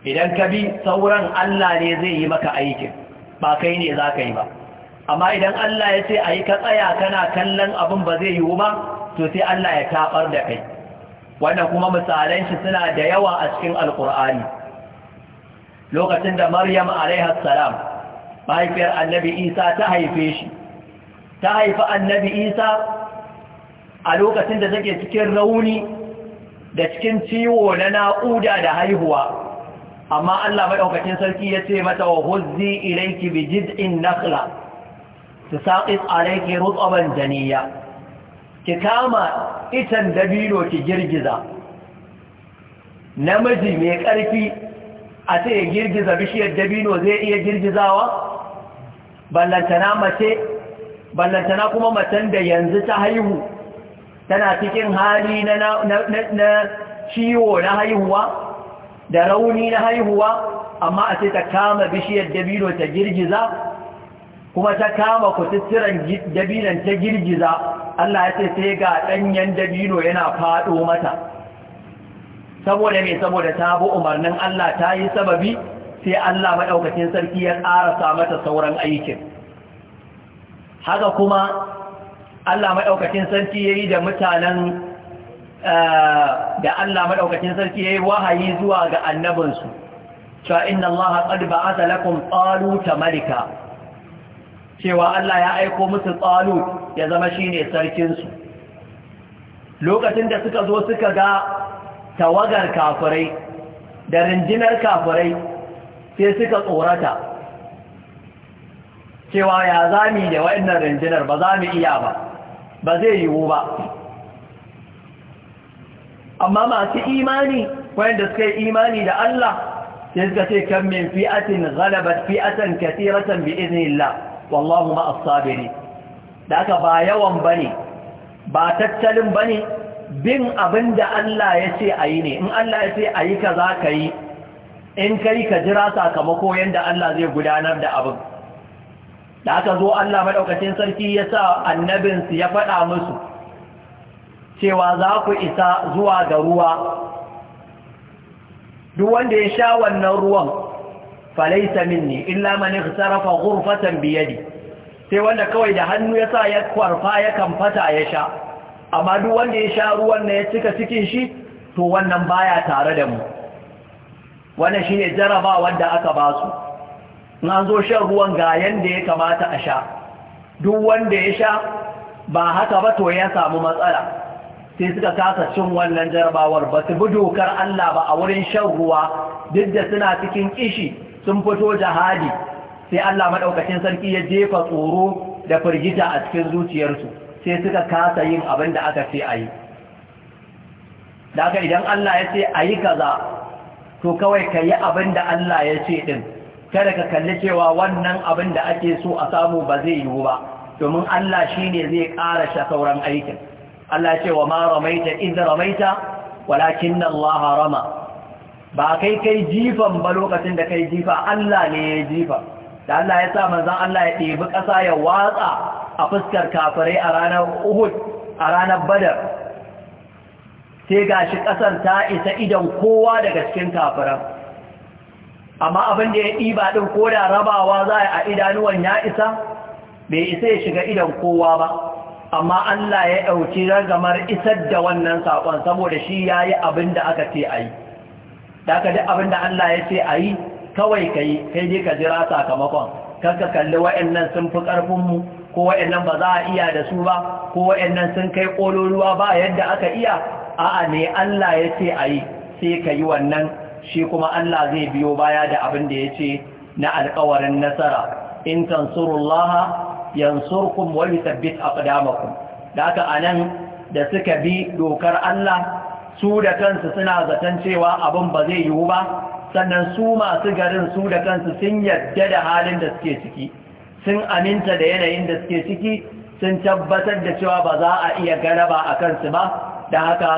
A: idan ka bi sauran Allah ne zai yi maka aikin ba kai ne za ka yi ba amma idan Allah ya ce a yi ka tsaya kana kallon abin ba zai yiwu ba to sai Allah ya taɓar da kai wannan kuma misalan shi suna da yawa a cikin alƙur'ani lokacin da maryam alaihassalam salam mahaifiyar annabi isa ta haife shi ta haifi annabi isa a lokacin da take cikin rauni da cikin ciwo na na'uda da haihuwa amma allah maɗaukacin sarki ya ce mata wa huzzi ilaiki bi jid'in nakla su saƙis alaiki rutsaban janiya ki kama itan dabino ki girgiza namiji mai ƙarfi a ce girgiza bishiyar dabino zai iya girgizawa ballantana mace ballantana kuma macen da yanzu ta haihu tana cikin hali na ciwo na haihuwa da rauni na haihuwa amma a ce ta kama bishiyar dabino ta girgiza kuma ta kama kututturan dabinan ta girgiza Allah ya ce sai ga ɗan'yan dabino yana faɗo mata saboda me saboda ta bi umarnin Allah ta yi sababi sai Allah maɗaukacin sarki ya ƙarasa mata sauran aikin haka kuma Allah maɗaukacin sarki ya yi da mutanen eh, da Allah maɗaukacin sarki ya yi wahayi zuwa ga annabinsu cewa inna Allah qad ba'atha lakum ta malika cewa Allah ya aiko musu tsalu ya zama shine sarkinsu lokacin da suka zo suka ga tawagar kafirai da rinjinar kafirai sai suka tsorata cewa ya zami da wa'annan rinjinar ba za mu iya ba ba zai yiwu ba amma masu imani wanda suka yi imani da Allah sai suka ce kan min fi'atin ghalabat fi'atan katiratan bi iznillah wallahu ma as-sabiri da aka ba yawan bane ba tattalin bane bin abinda Allah ya ce ayi ne in Allah ya ce ayi kaza kai in kai ka jira sakamako yadda Allah zai gudanar da abin da aka zo Allah maɗaukacin sarki ya sa annabinsu ya faɗa musu cewa za ku isa zuwa ga ruwa duk wanda ya sha wannan ruwan falaita minni illa mani sarrafa gurfatan biyadi sai wanda kawai da hannu ya sa ya kwarfa ya kamfata ya sha amma duk wanda ya sha ruwan na ya cika cikin shi to wannan baya tare da mu wannan shine jaraba wanda aka ba su an zo shan ruwan ga yanda ya kamata a sha duk wanda ya sha ba haka ba to ya samu matsala sai suka kasa cin wannan jarabawar ba su bi dokar Allah ba a wurin shan ruwa duk da suna cikin kishi sun fito jihadi sai Allah maɗaukacin sarki ya jefa tsoro da firgita a cikin zuciyarsu sai suka kasa yin abin da aka ce a yi da idan Allah ya ce a yi kaza to kawai ka yi abin da Allah ya ce ɗin kada ka kalli cewa wannan abin da ake so a samu ba zai yiwu ba domin Allah shi ne zai ƙara sha sauran aikin Allah ce wa ma ramaita in ramaita walakin Allah rama ba kai kai jifan ba lokacin da kai jifa Allah ne ya jifa da Allah ya sa manzan Allah ya ɗebi ƙasa ya watsa a fuskar kafirai a ranar Uhud a ranar Badar sai ga shi ƙasar ta isa idan kowa daga cikin kafiran amma abin da ya ɗiba ɗin ko da rabawa za a idanuwan ya isa bai isa ya shiga idan kowa ba amma Allah ya ɗauki ragamar isar da wannan saƙon saboda shi ya yi abin da aka ce a yi da ka duk abin da Allah ya ce a yi kawai ka yi kai dai ka jira sakamakon kanka kalli wa'annan sun fi ƙarfinmu ko waɗannan ba za a iya da su ba ko wa'annan sun kai ƙololuwa ba yadda aka iya a'a ne Allah ya ce a yi sai ka yi wannan shi kuma Allah zai biyo baya da abin da ya ce na alƙawarin nasara in tansurullaha yansurkum wa yuthabbit aqdamakum da haka anan da suka bi dokar Allah su da kansu suna zaton cewa abin ba zai yiwu ba sannan su masu garin su da kansu sun yadda da halin da suke ciki sun aminta da yanayin da suke ciki sun tabbatar da cewa ba za a iya garaba a kansu ba da haka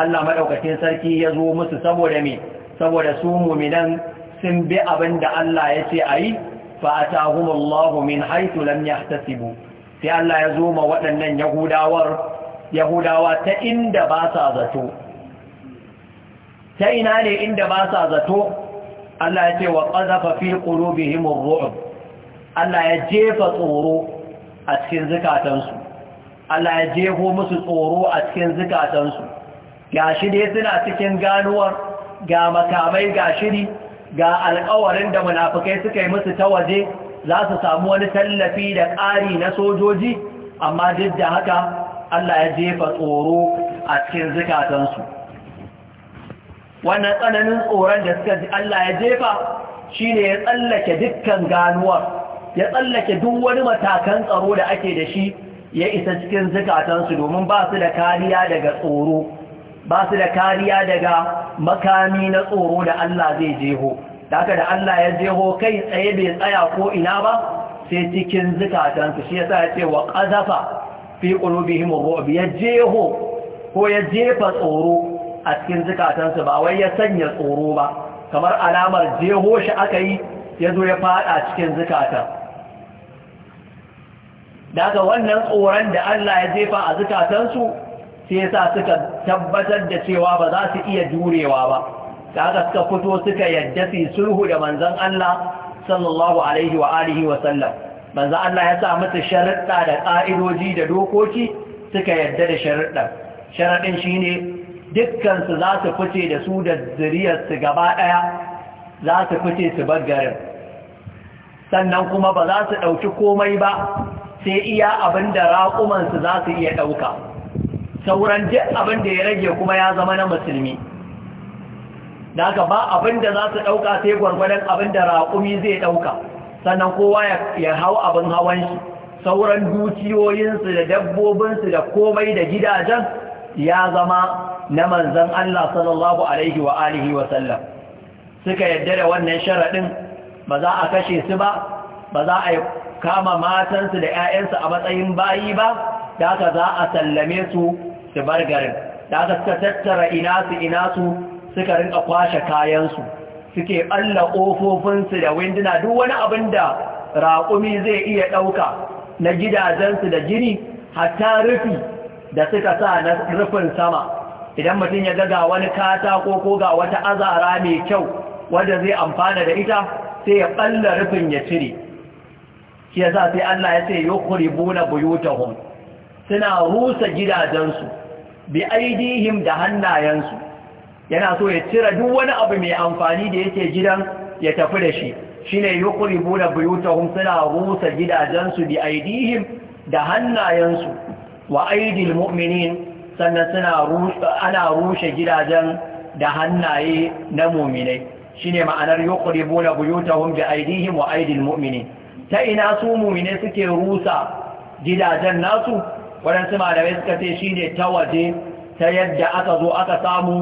A: Allah maɗaukacin sarki ya zo musu saboda me saboda su muminan sun bi abin da Allah ya ce a yi Allahu min haitu lam yahtasibu sai Allah ya zo ma waɗannan yahudawa ta inda ba sa zato ta ina ne inda ba sa zato Allah ya ce wa ƙazafa fi ƙulubihimur ru'ub Allah ya jefa tsoro a cikin zukatansu Allah ya jefo musu tsoro a cikin zukatansu ga shi dai suna cikin ganuwar ga makamai ga shiri ga alƙawarin da munafukai suka yi musu ta waje za su samu wani tallafi da ƙari na sojoji amma duk da haka Allah ya jefa tsoro a cikin zukatansu wannan tsananin tsoron da suka ji Allah ya jefa shi ne ya tsallake dukkan ganuwar ya tsallake duk wani matakan tsaro da ake da shi ya isa cikin zukatansu domin ba su da kariya daga tsoro ba su da kariya daga makami na tsoro da Allah zai jeho daga da Allah ya jeho kai tsaye bai tsaya ko ina ba sai cikin zukatansu shi yasa ya ce wa qazafa fi qulubihim ru'b ya jeho ko ya jefa tsoro a cikin zukatansu ba wai ya sanya tsoro ba kamar alamar jeho shi aka yi ya zo ya fada cikin zukatan daga wannan tsoron da Allah ya jefa a zukatansu sai yasa suka tabbatar da cewa ba za su iya jurewa ba kaga suka fito suka yadda su sulhu da manzon Allah sallallahu alaihi wa alihi wa sallam manzon Allah ya sa musu sharuɗa da ƙa'idoji da dokoki suka yadda da sharuɗa sharaɗin shine dukkan su za su fice da su da zuriyar su gaba ɗaya za su fice su bar garin sannan kuma ba za su ɗauki komai ba sai iya abin da raƙumansu za su iya ɗauka sauran duk abin da ya rage kuma ya zama na musulmi da aka ba abin da za su ɗauka sai gwargwadon abin da raƙumi zai ɗauka sannan kowa ya hau abin hawan shi sauran dukiyoyinsu da dabbobinsu da komai da gidajen ya zama na manzan Allah sallallahu Alaihi wa alihi suka yadda da wannan sharaɗin ba za a kashe su ba ba za a kama matansu da 'ya'yansu a matsayin bayi ba da aka za a sallame su su bar garin da aka suka tattara ina su ina su suka rinka kwashe kayansu suke ɓalla ƙofofinsu da winduna duk wani abin da raƙumi zai iya ɗauka na gidajensu da jini hatta rufi da suka sa na rufin sama idan mutum ya ga wani katako ko ga wata azara mai kyau wanda zai amfana da ita sai ya ɓalla rufin ya cire shi sa sai Allah ya ce yukhribuna buyutahun suna rusa gidajensu bi aidihim da hannayensu yana so ya cire duk wani abu mai amfani da yake gidan ya tafi da shi shine yukhribuna buyutahun suna rusa gidajensu bi aidihim da hannayensu wa aidil mu'minin sannan suna ana rushe gidajen da hannaye na mu'minai shine ma'anar yukhribuna buyutahum bi aidihim wa aidil mu'minin ta ina su mumine suke rusa gidajen nasu waɗansu malamai suka ce shi ne ta waje ta yadda aka zo aka samu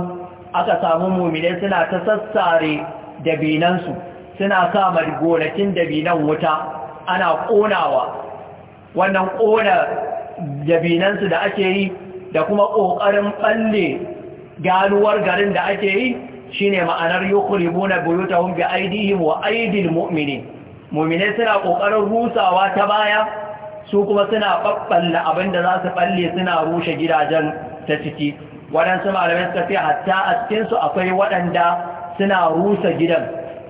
A: aka samu mumine suna ta sassare dabinansu suna sa gonakin dabinan wuta ana ƙonawa wannan ƙona dabinansu da ake yi da kuma ƙoƙarin ɓalle ganuwar garin da ake yi shine ma'anar yukuribuna buyutahum bi aidihim wa aidil mu'minin muminai suna ƙoƙarin rusawa ta baya su kuma suna ɓaɓɓalla abin da za su ɓalle suna rushe gidajen ta ciki waɗansu malamai suka fi hatta a cikinsu akwai waɗanda suna rusa gidan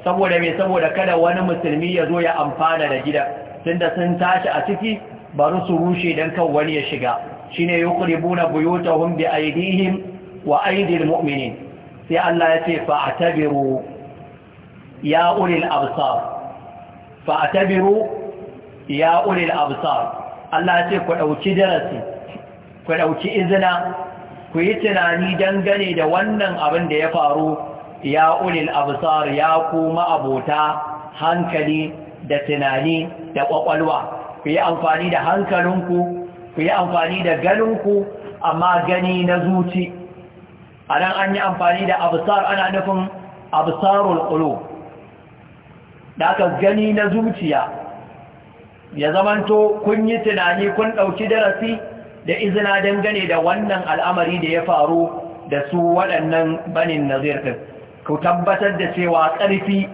A: saboda mai saboda kada wani musulmi ya zo ya amfana da gidan tunda sun tashi a ciki bari su rushe don kan wani ya shiga shine yuqribuna buyutahum bi aydihim wa aydil mu'minin sai Allah ya ce fa atabiru ya ulil absar tabiru, ya ulil absar Allah ce ku dauki darasi ku ɗauki izina ku yi tunani dangane da wannan abin da ya faru ya ulil absar ya kuma abota hankali da tunani da ƙwaƙwalwa. ku yi amfani da hankalinku ku yi amfani da ganinku amma gani na zuci a nan an yi amfani da absar ana nufin absarul qulub da aka gani na zuciya ya zamanto kun yi tunani kun ɗauki darasi da izina dangane da wannan al'amari da ya faru da su waɗannan banin nazir ku tabbatar da cewa ƙarfi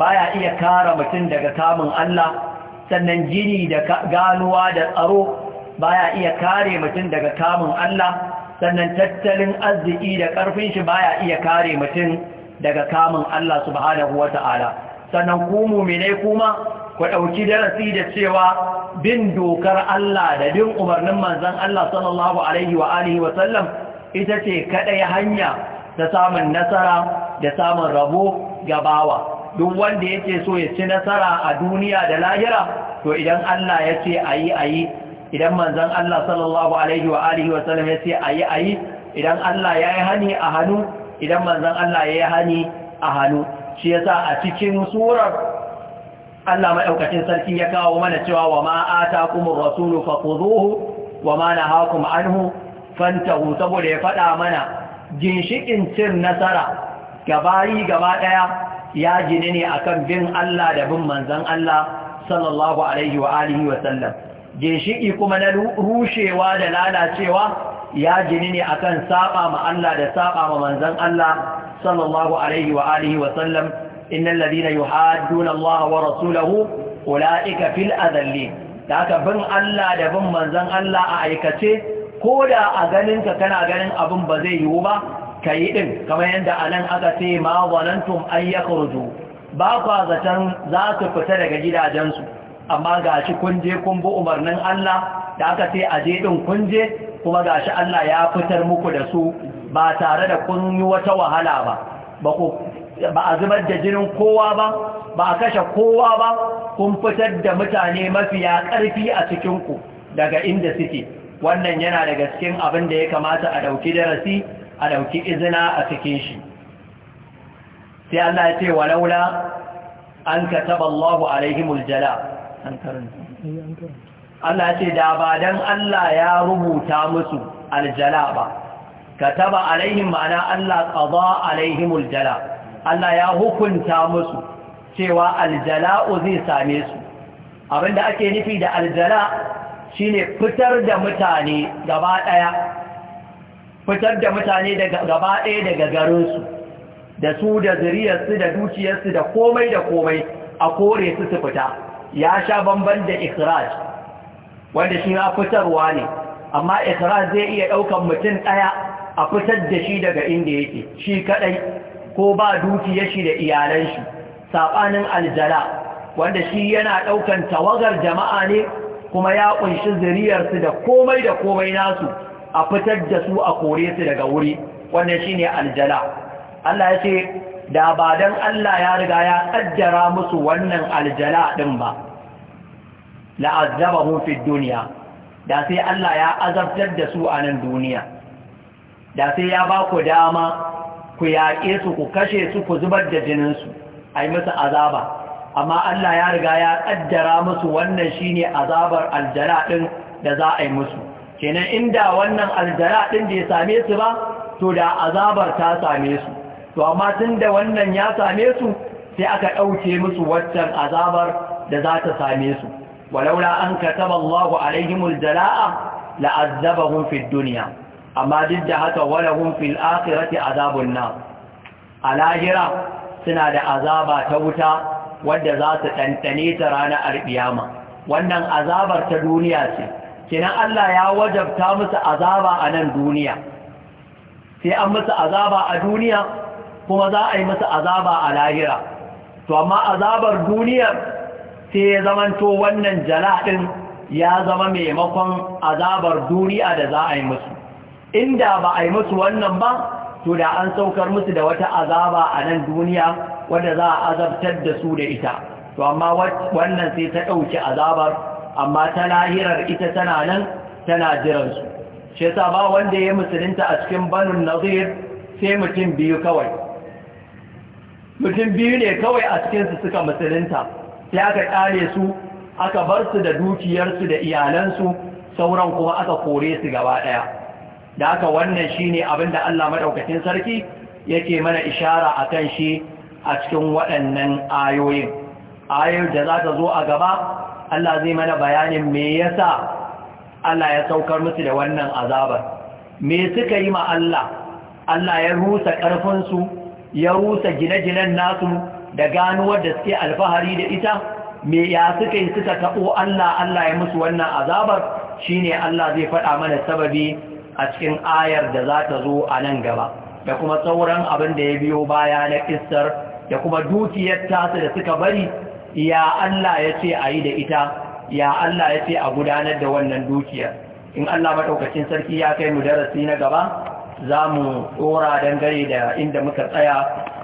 A: ya iya kara mutum daga kamun Allah sannan jini da ganuwa da tsaro ya iya kare mutum daga kamun Allah sannan tattalin arziki da ƙarfin shi baya iya kare mutum daga kamun Allah subhanahu wata'ala ta'ala sannan ku mumine kuma ku ɗauki darasi da cewa bin dokar Allah da bin umarnin manzan Allah sallallahu alaihi wa alihi wa sallam ita ce kaɗai hanya ta samun nasara da samun rabo ga bawa duk wanda yake so ya ci nasara a duniya da lahira to idan Allah ya ce ayi ayi idan manzan Allah sallallahu alaihi wa alihi wa sallam ya ce ayi ayi idan Allah ya yi hani a hannu idan manzan Allah ya yi hani a hannu shi yasa a cikin surar Allah maɗaukacin sarki ya kawo mana cewa wa ma atakumur rasulu faquduhu wa ma nahakum anhu fantahu saboda ya faɗa mana ginshikin cin nasara gabayi gaba ɗaya ya gini ne akan bin Allah da bin manzon Allah sallallahu alaihi ginshiki kuma na rushewa da lalacewa ya jini ne akan saba ma Allah da saba ma manzon Allah sallallahu alaihi wa alihi wa sallam innal ladina yuhadduna Allah wa rasulahu ulaika fil adallin da aka bin Allah da bin manzon Allah a aikace ko da a ganin ka kana ganin abin ba zai yiwu ba kayi din kamar yadda anan aka ce ma walantum an yakhruju ba kwa zaton za su fita daga gidajensu amma ga shi kun je kun bi umarnin Allah da aka ce a je din kun je kuma ga shi Allah ya fitar muku da su ba tare da kun yi wata wahala ba ba a zubar da jinin kowa ba ba a kashe kowa ba kun fitar da mutane mafiya ƙarfi a cikinku daga inda suke wannan yana daga cikin abin da ya kamata a ɗauki darasi a ɗauki izina a cikin shi sai Allah ya ce walaula an kataba Allahu alaihimul jala an karanta Allah ce da ba don Allah ya rubuta musu aljala ba ka taba alaihim ma'ana Allah qada alaihimul jala Allah ya hukunta musu cewa aljala'u zai same su abinda ake nufi da aljala shine fitar da mutane gaba daya fitar da mutane gaba ɗaya daga garinsu da su da zuriyarsu da dukiyarsu da komai da komai a kore su su fita ya sha bamban da ikhraj wanda shi ya fitarwa ne amma ikhraj zai iya ɗaukan mutum ɗaya a fitar da shi daga inda yake shi kaɗai ko ba dukiyar shi da iyalan shi saɓanin aljala wanda shi yana ɗaukan tawagar jama'a ne kuma ya ƙunshi ziriyarsu da komai da komai nasu a fitar da su a kore su daga wuri wannan shine aljala Allah ya ce da ba don Allah ya riga ya kaddara musu wannan aljala ɗin ba la'azzabahum fid duniya, da sai Allah ya azabtar da su a nan duniya da sai ya ba ku dama ku yaƙe su ku kashe su ku zubar da jininsu a yi musu azaba amma Allah ya riga ya ƙaddara musu wannan shine azabar aljala ɗin da za a yi musu kenan inda wannan aljala ɗin da ya same su ba to da azabar ta same su to amma tun da wannan ya same su sai aka ɗauke musu waccan azabar da za ta same su walaula an kataba Allahu alaihimul jala'a la'azzabahum fid dunya amma duk da haka walahum fil akhirati azabun nar alahira suna da azaba ta wuta wadda za su ɗanɗane ta ranar alƙiyama wannan azabar ta duniya ce kinan Allah ya wajabta musu azaba a nan duniya sai an musu azaba a duniya kuma za a yi masa azaba a lahira to amma azabar duniya sai ya zamanto wannan jala'in ya zama maimakon azabar duniya da za a yi musu inda ba a yi musu wannan ba to da an saukar musu da wata azaba a nan duniya wadda za a azabtar da su da ita to amma wannan sai ta ɗauki azabar amma ta lahirar ita tana nan tana jiransu shi ba wanda ya musulunta a cikin banun nazir sai mutum biyu kawai mutum biyu ne kawai a cikinsu suka musulunta sai aka ƙare su aka bar su da dukiyarsu da iyalansu sauran kuma aka kore su gaba ɗaya da aka wannan shi ne abinda Allah maɗaukacin sarki yake mana ishara a kan shi a cikin waɗannan ayoyin ayoyin da za ta zo a gaba Allah zai mana bayanin me ya sa Allah ya saukar musu da wannan azabar me suka yi ma Allah Allah ya rusa ƙarfinsu ya rusa gine-ginen nasu da ganuwar da suke alfahari da ita me ya suka yi suka taɓo Allah Allah ya musu wannan azabar Shi ne Allah zai faɗa mana sababi a cikin ayar da za ta zo a nan gaba da kuma sauran abin da ya biyo baya na ƙistar da kuma dukiyar tasu da suka bari ya Allah ya ce a yi da ita ya Allah ya ce a gudanar da wannan dukiyar in Allah maɗaukacin sarki ya kai mu darasi na gaba za mu tsora dangane da inda muka tsaya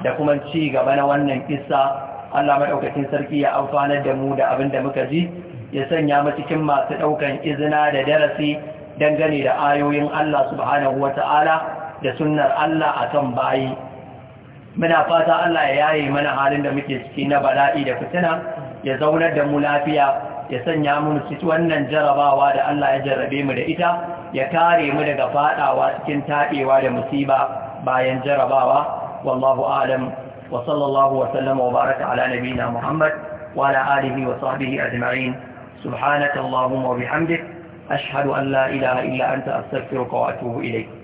A: da kuma ci gaba na wannan kisa Allah maɗaukacin sarki ya amfanar da mu da abin da muka ji ya sanya mu cikin masu ɗaukan izina da darasi dangane da ayoyin Allah subhanahu wata'ala da sunnar Allah a kan bayi muna fata Allah ya yaye mana halin da muke ciki na bala'i da fitina ya zaunar da mu lafiya ya sanya mu wannan jarabawa da Allah ya jarrabe mu da ita ya kare mu daga fadawa cikin taɓewa da musiba bayan jarabawa wallahu alam wa sallallahu wa sallama wa baraka ala nabina muhammad wa ala alihi wa sahbihi ajma'in subhanaka allahumma wa bihamdik ashhadu an la ilaha illa anta astaghfiruka wa atubu ilayk